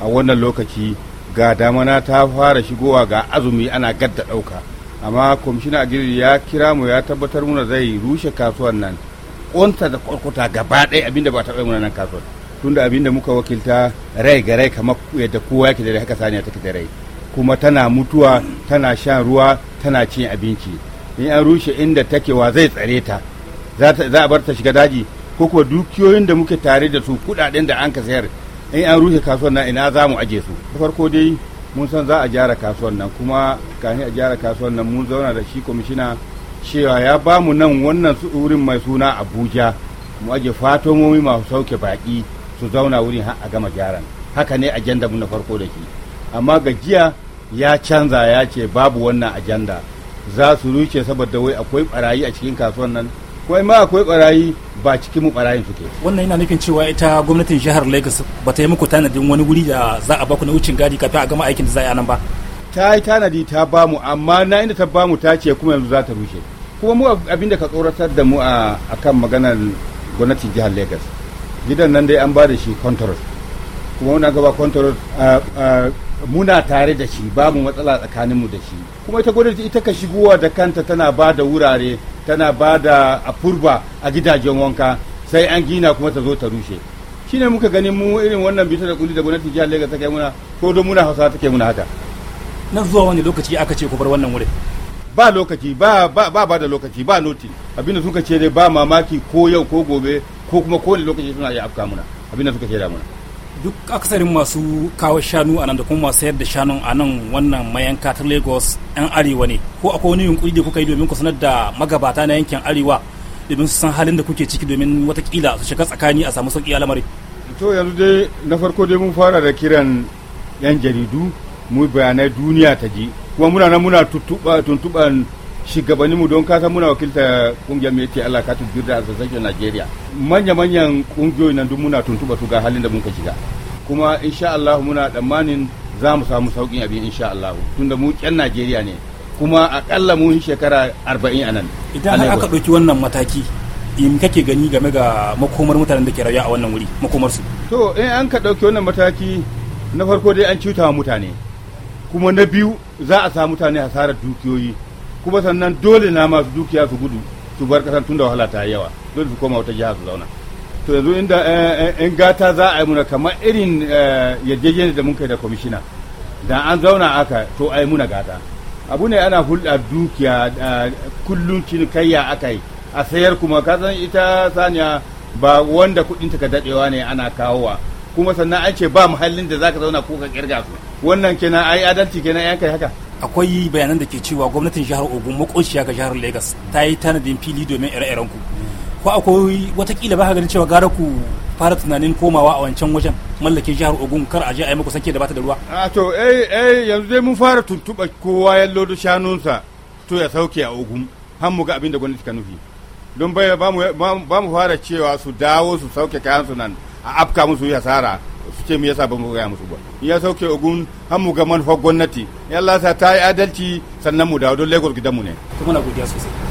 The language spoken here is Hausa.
a wannan lokaci ga damana ta fara shigowa ga azumi ana gadda ɗauka amma kwamishina agiri ya kira mu ya tabbatar muna zai rushe kasuwan nan ƙonta da kwarkwata gaba ɗaya abinda ba ta muna nan kasuwan tunda abinda muka wakilta rai ga rai kamar yadda kowa yake da haka saniya take da rai kuma tana mutuwa tana shan ruwa tana cin abinci in an rushe inda take wa zai tsare ta za a bar ta shiga daji ko kuwa dukiyoyin da muke tare da su kuɗaɗen da an ka sayar in an rushe kasuwar nan ina za mu aje su farko dai mun san za a gyara kasuwar nan kuma kafin a gyara kasuwar nan mun zauna da shi kwamishina cewa ya ba mu nan wannan wurin mai suna abuja mu aje fatomomi masu sauke baki su zauna wurin a gama gyaran haka ne ajanda mu na farko da shi amma gajiya ya canza ya ce babu wannan ajanda za su rushe saboda wai akwai barayi a cikin kasuwar nan akwai ma akwai barayi ba cikin mu barayin suke wannan yana nufin cewa ita gwamnatin jihar Lagos ba ta yi muku tanadin wani wuri da za a baku na wucin gadi kafin a gama aikin da za a yi nan ba ta yi tanadi ta bamu amma na inda ta bamu ta ce kuma yanzu za ta rushe kuma mu abinda ka tsoratar da mu a akan maganar gwamnatin jihar Lagos gidan nan dai an ba da shi control kuma muna gaba control muna tare da shi babu matsala tsakaninmu da shi kuma ita gwamnati ita ka shigowa da kanta tana ba da wurare tana ba da afurba a gidajen wanka sai an gina kuma ta zo ta rushe shi ne muka gani mu irin wannan bita da kuli da gwamnatin jihar Lagos take muna ko don muna hausa take muna haka na zuwa wani lokaci aka ce ku bar wannan wurin ba lokaci ba ba ba da lokaci ba noti abinda suka ce dai ba mamaki ko yau ko gobe ko kuma kowane lokaci suna iya afka muna abinda suka ce da muna duk akasarin masu kawo shanu a nan da kuma masu sayar da shanun a nan wannan mayanka ta lagos yan arewa ne ko akwai wani yunkuri da kuka yi domin ku sanar da magabata na yankin arewa domin su san halin da kuke ciki domin watakila su shiga tsakani a samu sauki al'amari to yanzu dai na farko dai mun fara da kiran yan jaridu mu bayanai duniya ta ji kuma muna nan muna tuntuɓan mu don kasan muna wakilta kungiyar mai ce Allah katun da a sassan Najeriya. Manya-manyan kungiyoyi nan duk muna tuntuba su ga halin da muka shiga. Kuma insha Allah muna tsammanin za mu samu saukin abin insha Allah tunda mu kyan Najeriya ne. Kuma akalla mun shekara arba'in a nan. Idan aka ɗauki wannan mataki in kake gani game ga makomar mutanen da ke rayuwa a wannan wuri makomarsu. To in an ka ɗauki wannan mataki na farko dai an cuta wa mutane. Kuma na biyu za a sa mutane hasarar dukiyoyi. kuma sannan dole na masu dukiya su gudu su bar kasan tunda wahala ta yawa dole su koma wata jiha su zauna to yanzu inda eh, eh, in gata za a yi muna kamar irin eh, yarjejeniyar da mun kai da kwamishina da an zauna aka to a yi muna gata abu ne ana hulɗa dukiya kullum cinikayya aka yi a sayar kuma ka san ita saniya ba wanda kuɗinta ka daɗewa ne ana kawowa kuma sannan an ce ba muhallin da zaka zauna ko ka kirga su wannan kenan ai adalci kenan yanka haka akwai bayanan da ke cewa gwamnatin jihar ogun makonciya ga jihar lagos ta yi tanadin fili domin ire-iren ku ko akwai watakila ba ganin cewa gara ku fara tunanin komawa a wancan wajen mallakin jihar ogun kar a je a yi muku sake da bata da ruwa a ah, to eh eh yanzu dai mun fara tuntuɓa kowa ya lodo shanunsa to ya sauke a ogun har mu ga abin da gwamnati ka nufi don bai ba mu fara cewa su dawo su sauke su nan a afka musu ya sara su ce me yasa ban gaya musu ba ya sauke ogun har mu ga manufar gwamnati ya Allah sa ta yi adalci sannan mu dawo don Lagos gidanmu ne kuma muna godiya sosai